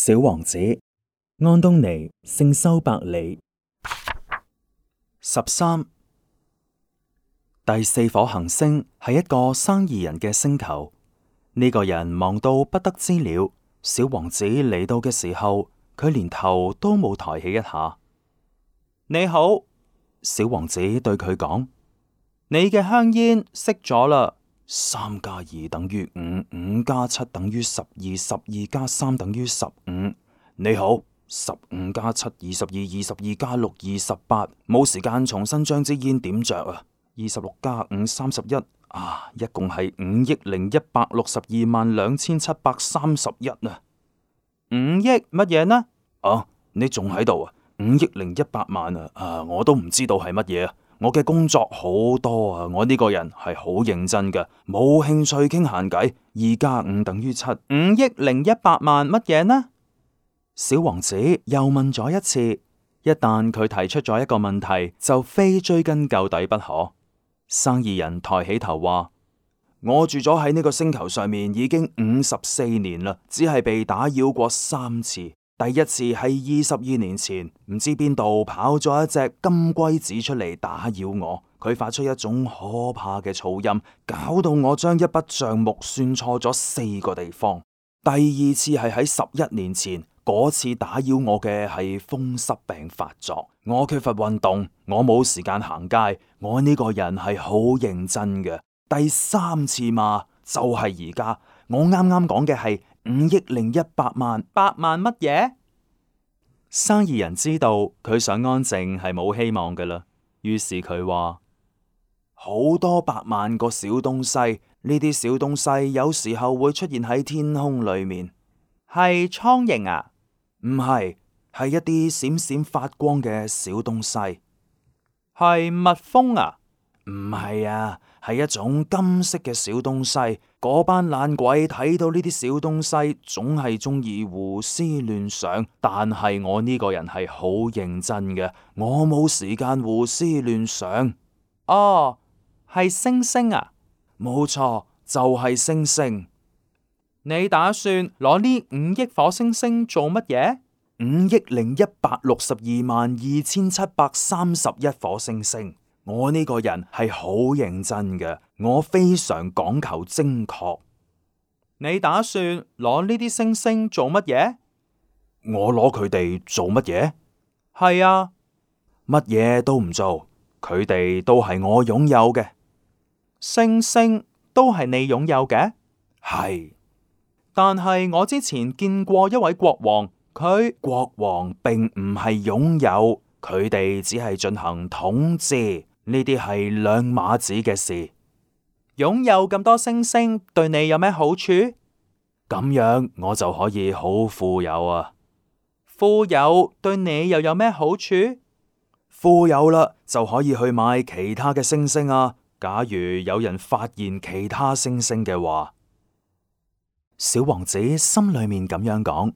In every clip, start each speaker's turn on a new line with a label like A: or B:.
A: 小王子，安東尼聖修伯里。十三，第四顆行星係一個生意人嘅星球。呢個人忙到不得之了。小王子嚟到嘅時候，佢連頭都冇抬起一下。你好，小王子對佢講：你嘅香煙熄咗啦。三加二等於五，五加七等於十二，十二加三等於十五。你好，十五加七二十二，二十二加六二十八。冇時間重新將支煙點着啊！二十六加五三十一啊！一共係五億零一百六十二萬兩千七百三十一啊！五億乜嘢呢？啊，你仲喺度啊？五億零一百萬啊！啊，我都唔知道係乜嘢啊！我嘅工作好多啊！我呢個人係好認真嘅，冇興趣傾閒偈。二加五等於七，五億零一百萬乜嘢呢？小王子又問咗一次。一旦佢提出咗一個問題，就非追根究底不可。生意人抬起頭話：我住咗喺呢個星球上面已經五十四年啦，只係被打擾過三次。第一次喺二十二年前，唔知邊度跑咗一隻金龜子出嚟，打擾我，佢發出一種可怕嘅噪音，搞到我將一筆賬目算錯咗四個地方。第二次係喺十一年前，嗰次打擾我嘅係風濕病發作。我缺乏運動，我冇時間行街，我呢個人係好認真嘅。第三次嘛，就係而家，我啱啱講嘅係。五億零一百萬百萬乜嘢？生意人知道佢想安靜係冇希望㗎喇。於是佢話，好多百萬個小東西，呢啲小東西有時候會出現喺天空裏面，係蒼蠅啊？唔係，係一啲閃閃發光嘅小東西，係蜜蜂啊？唔係啊，係一種金色嘅小東西。嗰班懶鬼睇到呢啲小東西，總係中意胡思亂想。但係我呢個人係好認真嘅，我冇時間胡思亂想。哦，係星星啊？冇錯，就係星星。你打算攞呢五億火星星做乜嘢？五億零一百六十二萬二千七百三十一火星星。我呢個人係好認真嘅。我非常講求精確。你打算攞呢啲星星做乜嘢？我攞佢哋做乜嘢？係啊，乜嘢都唔做，佢哋都係我擁有嘅星星都，都係你擁有嘅。係，但係我之前見過一位國王，佢國王並唔係擁有，佢哋只係進行統治。呢啲係兩碼子嘅事。擁有咁多星星對你有咩好處？咁樣我就可以好富有啊！富有對你又有咩好處？富有啦就可以去買其他嘅星星啊！假如有人發現其他星星嘅話，小王子心裏面咁樣講。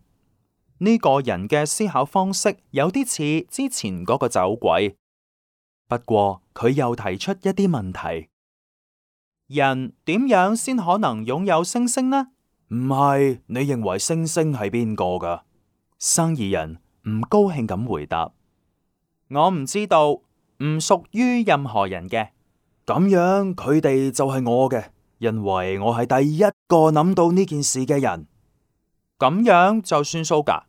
A: 呢個人嘅思考方式有啲似之前嗰個酒鬼，不過佢又提出一啲問題。人點樣先可能擁有星星呢？唔係，你認為星星係邊個噶？生意人唔高興咁回答，我唔知道，唔屬於任何人嘅。咁樣佢哋就係我嘅，因為我係第一個諗到呢件事嘅人。咁樣就算數噶。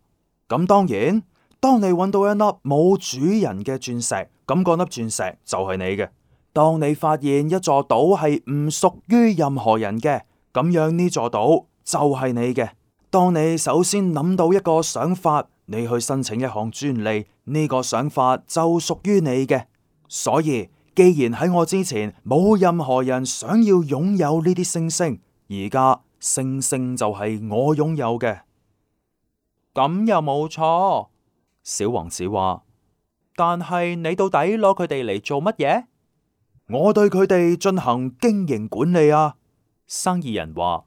A: 咁，當然，當你搵到一粒冇主人嘅鑽石，咁嗰粒鑽石就係你嘅。當你發現一座島係唔屬於任何人嘅，咁樣呢座島就係你嘅。當你首先諗到一個想法，你去申請一項專利，呢個想法就屬於你嘅。所以，既然喺我之前冇任何人想要擁有呢啲星星，而家星星就係我擁有嘅，咁又冇錯。小王子話：但係你到底攞佢哋嚟做乜嘢？我對佢哋進行經營管理啊。生意人話：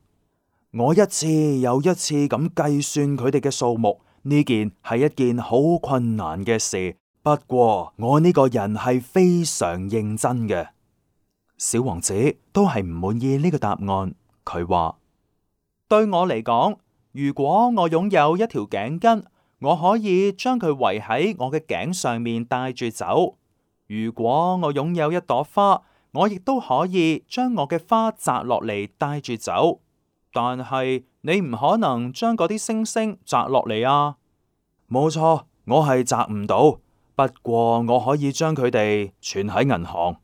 A: 我一次又一次咁計算佢哋嘅數目，呢件係一件好困難嘅事。不過我呢個人係非常認真嘅。小王子都係唔滿意呢個答案。佢話：對我嚟講，如果我擁有一條頸巾，我可以將佢圍喺我嘅頸上面帶住走。如果我擁有一朵花，我亦都可以將我嘅花摘落嚟，帶住走。但係你唔可能將嗰啲星星摘落嚟啊！冇錯，我係摘唔到，不過我可以將佢哋存喺銀行。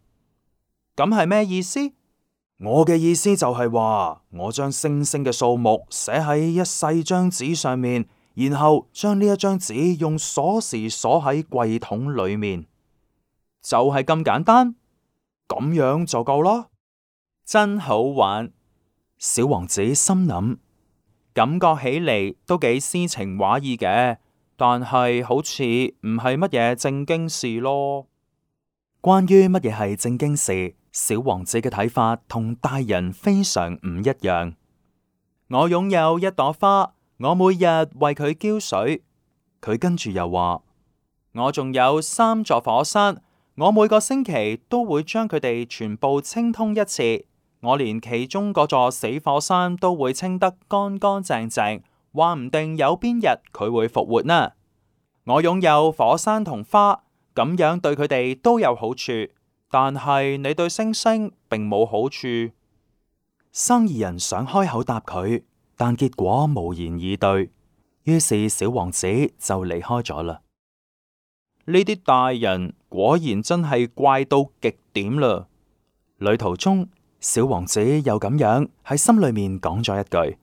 A: 咁係咩意思？我嘅意思就係話，我將星星嘅數目寫喺一細張紙上面，然後將呢一張紙用鎖匙鎖喺櫃桶裏面。就係咁簡單，咁樣就夠咯，真好玩。小王子心諗，感覺起嚟都幾詩情畫意嘅，但係好似唔係乜嘢正經事咯。關於乜嘢係正經事，小王子嘅睇法同大人非常唔一樣。我擁有一朵花，我每日為佢澆水，佢跟住又話我仲有三座火山。我每個星期都會將佢哋全部清通一次，我連其中嗰座死火山都會清得乾乾淨淨，話唔定有邊日佢會復活呢？我擁有火山同花，咁樣對佢哋都有好處，但係你對星星並冇好處。生意人想開口答佢，但結果無言以對，於是小王子就離開咗啦。呢啲大人。果然真係怪到極點啦！旅途中，小王子又咁樣喺心裏面講咗一句。